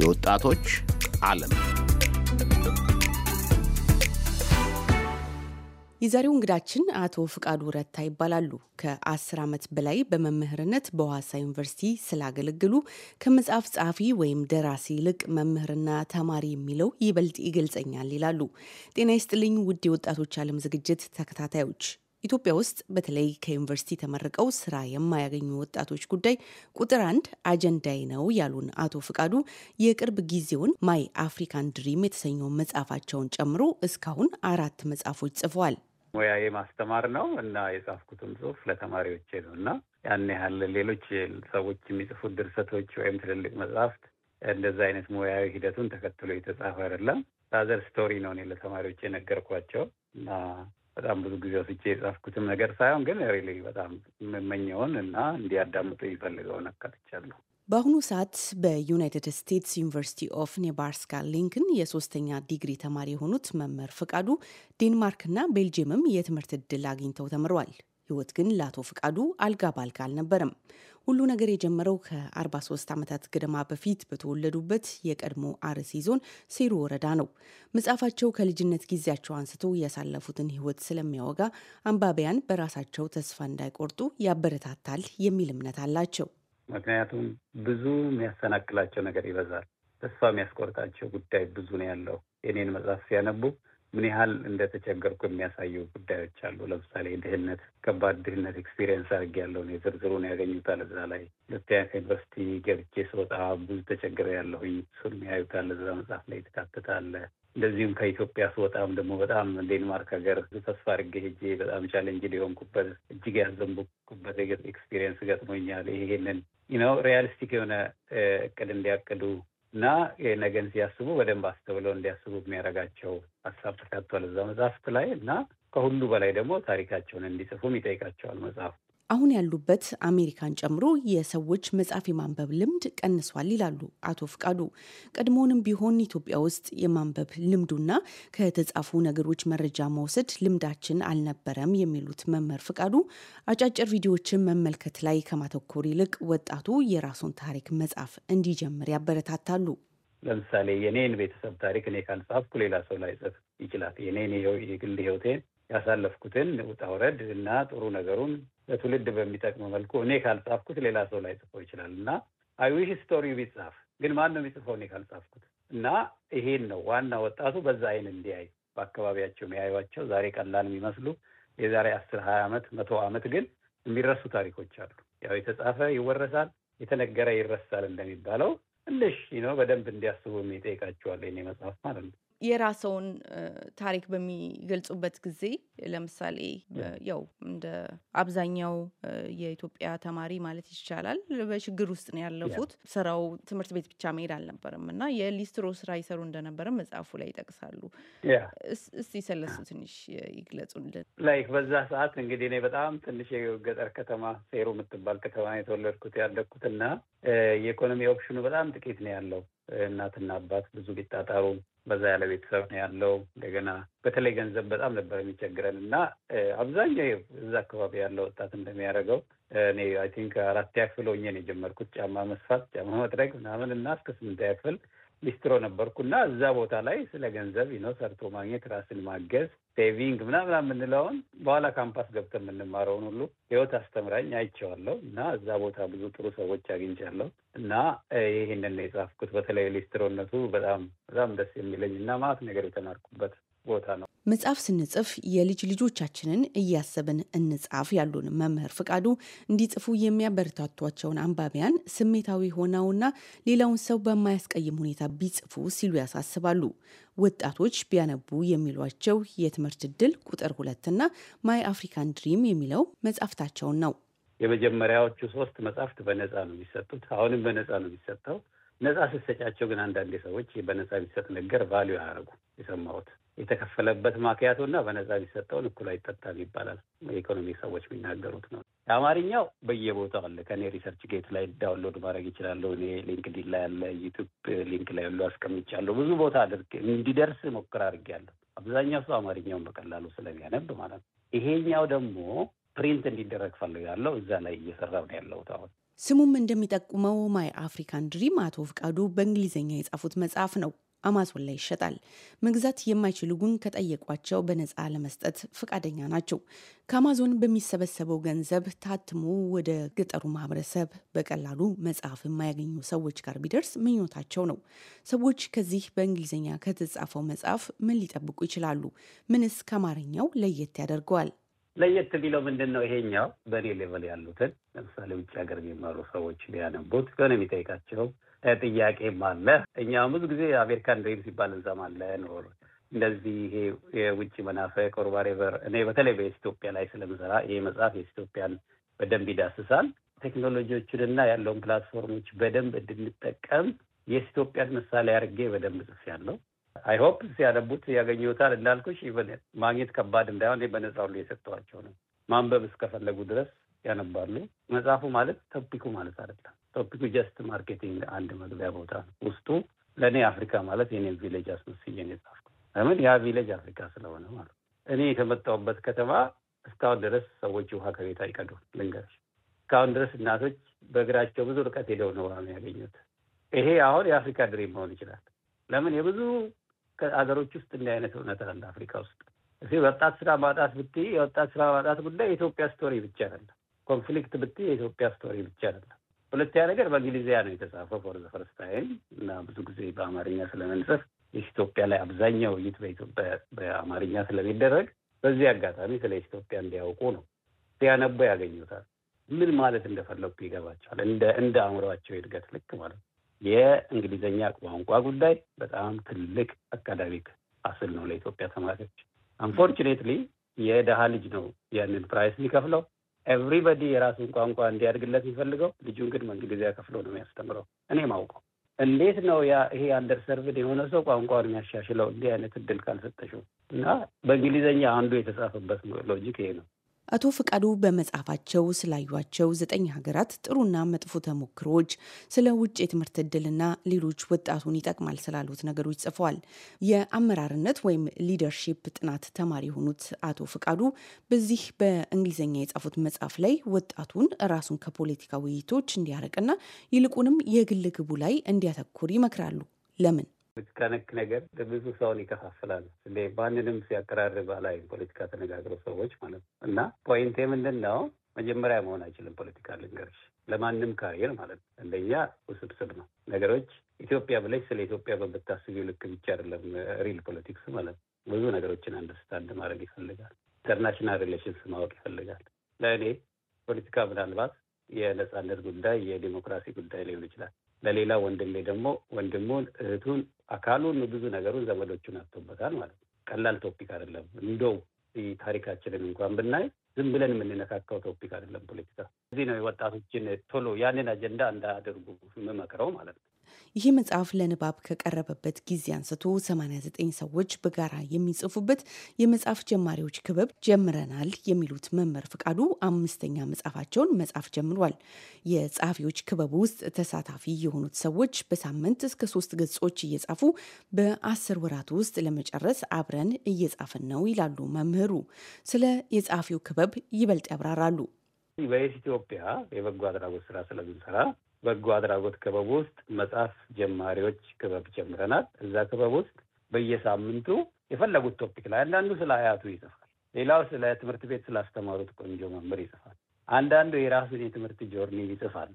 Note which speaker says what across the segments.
Speaker 1: የወጣቶች ዓለም
Speaker 2: የዛሬው እንግዳችን አቶ ፍቃዱ ረታ ይባላሉ። ከአስር ዓመት በላይ በመምህርነት በዋሳ ዩኒቨርሲቲ ስላገለግሉ ከመጽሐፍ ጸሐፊ ወይም ደራሲ ይልቅ መምህርና ተማሪ የሚለው ይበልጥ ይገልጸኛል ይላሉ። ጤና ይስጥልኝ ውድ የወጣቶች ዓለም ዝግጅት ተከታታዮች ኢትዮጵያ ውስጥ በተለይ ከዩኒቨርሲቲ ተመርቀው ስራ የማያገኙ ወጣቶች ጉዳይ ቁጥር አንድ አጀንዳይ ነው ያሉን አቶ ፍቃዱ የቅርብ ጊዜውን ማይ አፍሪካን ድሪም የተሰኘው መጽሐፋቸውን ጨምሮ እስካሁን አራት መጽሐፎች ጽፈዋል። ሙያዬ
Speaker 1: ማስተማር ነው እና የጻፍኩትም ጽሁፍ ለተማሪዎቼ ነው እና ያን ያህል ሌሎች ሰዎች የሚጽፉት ድርሰቶች ወይም ትልልቅ መጽሐፍት እንደዛ አይነት ሙያዊ ሂደቱን ተከትሎ የተጻፈ አይደለም። ፋዘር ስቶሪ ነው እኔ ለተማሪዎች የነገርኳቸው እና በጣም ብዙ ጊዜ ወስጄ የጻፍኩትም ነገር ሳይሆን ግን ሪሊ በጣም የምመኘውን እና እንዲያዳምጡ ይፈልገውን አካትቻለሁ።
Speaker 2: በአሁኑ ሰዓት በዩናይትድ ስቴትስ ዩኒቨርሲቲ ኦፍ ኔባርስካ ሊንክን የሶስተኛ ዲግሪ ተማሪ የሆኑት መምህር ፍቃዱ ዴንማርክና ቤልጅየምም የትምህርት ዕድል አግኝተው ተምረዋል። ህይወት ግን ለአቶ ፍቃዱ አልጋ ባልጋ አልነበረም። ሁሉ ነገር የጀመረው ከ43 ዓመታት ገደማ በፊት በተወለዱበት የቀድሞ አርሲ ዞን ሴሩ ወረዳ ነው። መጽሐፋቸው ከልጅነት ጊዜያቸው አንስቶ ያሳለፉትን ሕይወት ስለሚያወጋ አንባቢያን በራሳቸው ተስፋ እንዳይቆርጡ ያበረታታል የሚል እምነት አላቸው።
Speaker 1: ምክንያቱም ብዙ የሚያሰናክላቸው ነገር ይበዛል። ተስፋ የሚያስቆርጣቸው ጉዳይ ብዙ ነው ያለው። የኔን መጽሐፍ ሲያነቡ ምን ያህል እንደተቸገርኩ የሚያሳዩ ጉዳዮች አሉ። ለምሳሌ ድህነት፣ ከባድ ድህነት ኤክስፒሪየንስ አድርጌ ያለውን የዝርዝሩን ያገኙታል እዛ ላይ። ሁለተኛ ከዩኒቨርሲቲ ገብቼ ስወጣ ብዙ ተቸግሬ ያለሁኝ እሱን ያዩታል እዛ መጽሐፍ ላይ ትካትታለ። እንደዚሁም ከኢትዮጵያ ስወጣም ደግሞ በጣም ዴንማርክ ሀገር ተስፋ አድርጌ ሄጄ በጣም ቻሌንጅ ሊሆንኩበት እጅግ ያዘንቡኩበት ኤክስፒሪየንስ ገጥሞኛል። ይሄንን ነው ሪያሊስቲክ የሆነ እቅድ እንዲያቅዱ እና ነገን ሲያስቡ በደንብ አስተውለው እንዲያስቡ የሚያደርጋቸው ሀሳብ ተካቷል እዛ መጽሐፍት ላይ እና ከሁሉ በላይ ደግሞ ታሪካቸውን እንዲጽፉም ይጠይቃቸዋል መጽሐፉ።
Speaker 2: አሁን ያሉበት አሜሪካን ጨምሮ የሰዎች መጽሐፍ የማንበብ ልምድ ቀንሷል ይላሉ አቶ ፍቃዱ። ቀድሞውንም ቢሆን ኢትዮጵያ ውስጥ የማንበብ ልምዱና ከተጻፉ ነገሮች መረጃ መውሰድ ልምዳችን አልነበረም የሚሉት መምህር ፍቃዱ አጫጭር ቪዲዮዎችን መመልከት ላይ ከማተኮር ይልቅ ወጣቱ የራሱን ታሪክ መጻፍ እንዲጀምር ያበረታታሉ።
Speaker 1: ለምሳሌ የኔን ቤተሰብ ታሪክ እኔ ካልጻፍኩ ሌላ ሰው ላይ ጽፍ ይችላል። የኔን የግል ህይወቴን ያሳለፍኩትን ውጣ ውረድ እና ጥሩ ነገሩን ለትውልድ በሚጠቅም መልኩ እኔ ካልጻፍኩት ሌላ ሰው ላይ ጽፎ ይችላል እና አይዊሽ ስቶሪ ቢጻፍ ግን ማን ነው የሚጽፈው እኔ ካልጻፍኩት? እና ይሄን ነው ዋና ወጣቱ በዛ አይን እንዲያይ በአካባቢያቸው የሚያዩቸው ዛሬ ቀላል የሚመስሉ የዛሬ አስር ሀያ ዓመት መቶ ዓመት ግን የሚረሱ ታሪኮች አሉ። ያው የተጻፈ ይወረሳል፣ የተነገረ ይረሳል እንደሚባለው ትንሽ ነው በደንብ እንዲያስቡ የሚጠይቃቸዋል የኔ መጽሐፍ ማለት ነው።
Speaker 2: የራሰውን ታሪክ በሚገልጹበት ጊዜ ለምሳሌ ያው እንደ አብዛኛው የኢትዮጵያ ተማሪ ማለት ይቻላል በችግር ውስጥ ነው ያለፉት። ስራው ትምህርት ቤት ብቻ መሄድ አልነበረም እና የሊስትሮ ስራ ይሰሩ እንደነበረ መጽሐፉ ላይ ይጠቅሳሉ። እስቲ ሰለሱ ትንሽ ይግለጹልን።
Speaker 1: ላይክ በዛ ሰዓት እንግዲህ እኔ በጣም ትንሽ የገጠር ከተማ ሴሩ የምትባል ከተማ የተወለድኩት ያለኩት ያደግኩትና የኢኮኖሚ ኦፕሽኑ በጣም ጥቂት ነው ያለው እናትና አባት ብዙ ሊጣጣሩ በዛ ያለ ቤተሰብ ነው ያለው። እንደገና በተለይ ገንዘብ በጣም ነበር የሚቸግረን እና አብዛኛው እዛ አካባቢ ያለ ወጣት እንደሚያደርገው እኔ አይ ቲንክ አራት ያክፍል ሆኜ ነው የጀመርኩት ጫማ መስፋት፣ ጫማ መጥረግ ምናምን እና እስከ ስምንት ክፍል ሊስትሮ ነበርኩ እና እዛ ቦታ ላይ ስለ ገንዘብ ነው ሰርቶ ማግኘት፣ ራስን ማገዝ ሴቪንግ ምናምና የምንለውን በኋላ ካምፓስ ገብተን የምንማረውን ሁሉ ህይወት አስተምራኝ አይቼዋለሁ እና እዛ ቦታ ብዙ ጥሩ ሰዎች አግኝቻለሁ እና ይህንን ነው የጻፍኩት። በተለይ ሊስትሮነቱ በጣም በጣም ደስ የሚለኝ እና ማለት ነገር የተማርኩበት ቦታ ነው።
Speaker 2: መጽሐፍ ስንጽፍ የልጅ ልጆቻችንን እያሰብን እንጻፍ ያሉን መምህር ፍቃዱ እንዲጽፉ የሚያበረታቷቸውን አንባቢያን ስሜታዊ ሆነውና ሌላውን ሰው በማያስቀይም ሁኔታ ቢጽፉ ሲሉ ያሳስባሉ። ወጣቶች ቢያነቡ የሚሏቸው የትምህርት ዕድል ቁጥር ሁለትና ማይ አፍሪካን ድሪም የሚለው መጽሐፍታቸውን ነው።
Speaker 1: የመጀመሪያዎቹ ሶስት መጽሐፍት በነጻ ነው የሚሰጡት። አሁንም በነጻ ነው የሚሰጠው። ነጻ ስትሰጫቸው ግን አንዳንድ ሰዎች በነጻ የሚሰጥ ነገር ቫሊዩ አያደርጉ የሰማሁት የተከፈለበት ማክያቱ እና በነጻ ቢሰጠውን እኩል አይጠጣም ይባላል። የኢኮኖሚ ሰዎች የሚናገሩት ነው። የአማርኛው በየቦታው አለ። ከኔ ሪሰርች ጌት ላይ ዳውንሎድ ማድረግ ይችላለሁ። እኔ ሊንክዲን ላይ ያለ ዩቱብ ሊንክ ላይ ያሉ አስቀምጫለሁ። ብዙ ቦታ አድርግ እንዲደርስ ሞክር አድርጌያለሁ። አብዛኛው ሰው አማርኛውን በቀላሉ ስለሚያነብ ማለት ነው። ይሄኛው ደግሞ ፕሪንት እንዲደረግ ፈልጋለሁ። እዛ ላይ እየሰራሁ ነው ያለሁት አሁን።
Speaker 2: ስሙም እንደሚጠቁመው ማይ አፍሪካን ድሪም አቶ ፍቃዱ በእንግሊዝኛ የጻፉት መጽሐፍ ነው። አማዞን ላይ ይሸጣል። መግዛት የማይችሉ ግን ከጠየቋቸው በነፃ ለመስጠት ፈቃደኛ ናቸው። ከአማዞን በሚሰበሰበው ገንዘብ ታትሞ ወደ ገጠሩ ማህበረሰብ በቀላሉ መጽሐፍ የማያገኙ ሰዎች ጋር ቢደርስ ምኞታቸው ነው። ሰዎች ከዚህ በእንግሊዝኛ ከተጻፈው መጽሐፍ ምን ሊጠብቁ ይችላሉ? ምንስ ከአማርኛው ለየት ያደርገዋል?
Speaker 1: ለየት ቢለው ምንድን ነው? ይሄኛው በእኔ ሌቨል ያሉትን ለምሳሌ ውጭ ሀገር የሚማሩ ሰዎች ሊያነቡት ከሆነ የሚጠይቃቸው ጥያቄም አለ። እኛ ብዙ ጊዜ አሜሪካን ድሪም ሲባል እንሰማለን። እንደዚህ ይሄ የውጭ መናፈቅ ኦርባሬቨር እኔ በተለይ በኢትዮጵያ ላይ ስለምሰራ ይሄ መጽሐፍ የኢትዮጵያን በደንብ ይዳስሳል። ቴክኖሎጂዎችን እና ያለውን ፕላትፎርሞች በደንብ እንድንጠቀም የኢትዮጵያን ምሳሌ አድርጌ በደንብ ጽፌያለሁ። ሆፕ ሲያነቡት ያገኙታል። እንዳልኩሽ ማግኘት ከባድ እንዳይሆን በነጻ ሁሉ የሰጠኋቸው ነው። ማንበብ እስከፈለጉ ድረስ ያነባሉ። መጽሐፉ ማለት ቶፒኩ ማለት አይደለም። ቶፒኩ ጀስት ማርኬቲንግ አንድ መግቢያ ቦታ ነው። ውስጡ ለእኔ አፍሪካ ማለት የኔ ቪሌጅ አስመስዬን ነው ለምን ያ ቪሌጅ አፍሪካ ስለሆነ ማለት እኔ የተመጣሁበት ከተማ እስካሁን ድረስ ሰዎች ውሃ ከቤት አይቀዱ ልንገርሽ። እስካሁን ድረስ እናቶች በእግራቸው ብዙ ርቀት ሄደው ነው ውሃ ያገኙት። ይሄ አሁን የአፍሪካ ድሬም መሆን ይችላል። ለምን የብዙ ሀገሮች ውስጥ እንዲህ አይነት እውነት አለ አፍሪካ ውስጥ። እዚህ ወጣት ስራ ማጣት ብትይ የወጣት ስራ ማጣት ጉዳይ የኢትዮጵያ ስቶሪ ብቻ አይደለም። ኮንፍሊክት ብትይ የኢትዮጵያ ስቶሪ ብቻ አይደለም። ሁለተኛ ነገር በእንግሊዝኛ ነው የተጻፈው ፎር ዘ ፈርስት ታይም እና ብዙ ጊዜ በአማርኛ ስለምንጽፍ ኢትዮጵያ ላይ አብዛኛው ውይይት በኢትዮጵያ በአማርኛ ስለሚደረግ በዚህ አጋጣሚ ስለ ኢትዮጵያ እንዲያውቁ ነው። ሲያነቡ ያገኙታል። ምን ማለት እንደፈለጉ ይገባቸዋል። እንደ አእምሯቸው እድገት ልክ ማለት ነው። የእንግሊዝኛ ቋንቋ ጉዳይ በጣም ትልቅ አካዳሚክ አስል ነው ለኢትዮጵያ ተማሪዎች። አንፎርቹኔትሊ የደሃ ልጅ ነው ያንን ፕራይስ የሚከፍለው። ኤቭሪበዲ የራሱን ቋንቋ እንዲያድግለት የሚፈልገው ልጁን ግን በእንግሊዝኛ ከፍሎ ነው የሚያስተምረው። እኔ ማውቀው እንዴት ነው ያ ይሄ አንደር የሆነ ሰው ቋንቋውን የሚያሻሽለው? እንዲህ አይነት እድል ካልሰጠሽው እና በእንግሊዝኛ አንዱ የተጻፈበት ሎጂክ ይሄ ነው።
Speaker 2: አቶ ፈቃዱ በመጽሐፋቸው ስላዩቸው ዘጠኝ ሀገራት ጥሩና መጥፎ ተሞክሮዎች፣ ስለ ውጭ የትምህርት እድልና ሌሎች ወጣቱን ይጠቅማል ስላሉት ነገሮች ጽፈዋል። የአመራርነት ወይም ሊደርሺፕ ጥናት ተማሪ የሆኑት አቶ ፈቃዱ በዚህ በእንግሊዝኛ የጻፉት መጽሐፍ ላይ ወጣቱን ራሱን ከፖለቲካ ውይይቶች እንዲያረቅና ይልቁንም የግል ግቡ ላይ እንዲያተኩር ይመክራሉ። ለምን?
Speaker 1: ፖለቲካ ነክ ነገር ብዙ ሰውን ይከፋፍላል። እንደ ማንንም ሲያቀራርብ አላይም። ፖለቲካ ተነጋግሮ ሰዎች ማለት ነው እና ፖይንቴ ምንድን ነው መጀመሪያ መሆን አይችልም። ፖለቲካ ልንገርሽ፣ ለማንም ካሪየር ማለት ነው። እንደኛ ውስብስብ ነው ነገሮች። ኢትዮጵያ ብለሽ ስለ ኢትዮጵያ በምታስቢው ልክ ብቻ አይደለም ሪል uh, ፖለቲክስ ማለት ነው። ብዙ ነገሮችን አንደርስታንድ ማድረግ ይፈልጋል። ኢንተርናሽናል ሪሌሽንስ ማወቅ ይፈልጋል። ለእኔ ፖለቲካ ምናልባት የነጻነት ጉዳይ የዲሞክራሲ ጉዳይ ሊሆን ይችላል። ለሌላ ወንድሜ ደግሞ ወንድሙን እህቱን አካሉን ብዙ ነገሩን ዘመዶቹን አጥቶበታል ማለት ነው። ቀላል ቶፒክ አይደለም። እንደው ታሪካችንን እንኳን ብናይ ዝም ብለን የምንነካካው ቶፒክ አይደለም ፖለቲካ። እዚህ ነው የወጣቶችን ቶሎ ያንን አጀንዳ እንዳያደርጉ የምመክረው ማለት ነው።
Speaker 2: ይህ መጽሐፍ ለንባብ ከቀረበበት ጊዜ አንስቶ 89 ሰዎች በጋራ የሚጽፉበት የመጽሐፍ ጀማሪዎች ክበብ ጀምረናል የሚሉት መምህር ፍቃዱ አምስተኛ መጽሐፋቸውን መጽሐፍ ጀምሯል። የጸሐፊዎች ክበቡ ውስጥ ተሳታፊ የሆኑት ሰዎች በሳምንት እስከ ሶስት ገጾች እየጻፉ በአስር ወራት ውስጥ ለመጨረስ አብረን እየጻፍን ነው ይላሉ መምህሩ። ስለ የጸሐፊው ክበብ ይበልጥ ያብራራሉ።
Speaker 1: በኢትዮጵያ የበጎ አድራጎት ስራ ስለምንሰራ በጎ አድራጎት ክበብ ውስጥ መጽሐፍ ጀማሪዎች ክበብ ጀምረናል። እዛ ክበብ ውስጥ በየሳምንቱ የፈለጉት ቶፒክ ላይ አንዳንዱ ስለ አያቱ ይጽፋል፣ ሌላው ስለ ትምህርት ቤት ስላስተማሩት ቆንጆ መምህር ይጽፋል፣ አንዳንዱ የራሱን የትምህርት ጆርኒ ይጽፋል፣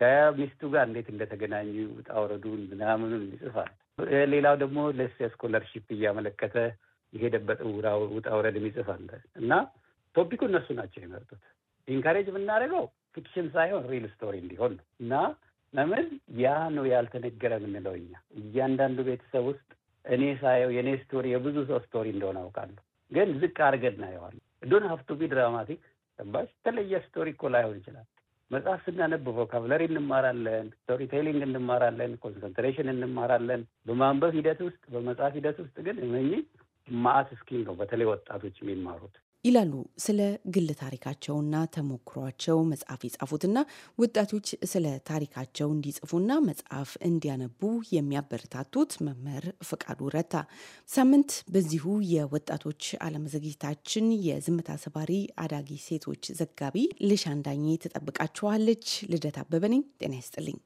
Speaker 1: ከሚስቱ ጋር እንዴት እንደተገናኙ ውጣ ውረዱን ምናምኑን ይጽፋል። ሌላው ደግሞ ለስ ስኮለርሺፕ እያመለከተ የሄደበት ውጣ ውረድም ይጽፋል እና ቶፒኩ እነሱ ናቸው የመርጡት ኢንካሬጅ የምናደርገው ፊክሽን ሳይሆን ሪል ስቶሪ እንዲሆን ነው እና ለምን ያ ነው ያልተነገረ የምንለው እኛ እያንዳንዱ ቤተሰብ ውስጥ እኔ ሳየው የእኔ ስቶሪ የብዙ ሰው ስቶሪ እንደሆነ አውቃለሁ፣ ግን ዝቅ አድርገን እናየዋለን። ዶን ሀፍቱ ቢ ድራማቲክ ባሽ የተለየ ስቶሪ እኮ ላይሆን ይችላል። መጽሐፍ ስናነብ ቮካብለሪ እንማራለን፣ ስቶሪ ቴሊንግ እንማራለን፣ ኮንሰንትሬሽን እንማራለን። በማንበብ ሂደት ውስጥ በመጽሐፍ ሂደት ውስጥ ግን እነኚህ ማአት እስኪል ነው በተለይ ወጣቶች የሚማሩት
Speaker 2: ይላሉ ስለ ግል ታሪካቸውና ተሞክሯቸው መጽሐፍ የጻፉትና ወጣቶች ስለ ታሪካቸው እንዲጽፉና መጽሐፍ እንዲያነቡ የሚያበረታቱት መምህር ፍቃዱ ረታ። ሳምንት በዚሁ የወጣቶች ዓለም ዝግጅታችን የዝምታ ሰባሪ አዳጊ ሴቶች ዘጋቢ ልሻ እንዳኜ ትጠብቃችኋለች። ልደት አበበ ነኝ። ጤና ይስጥልኝ።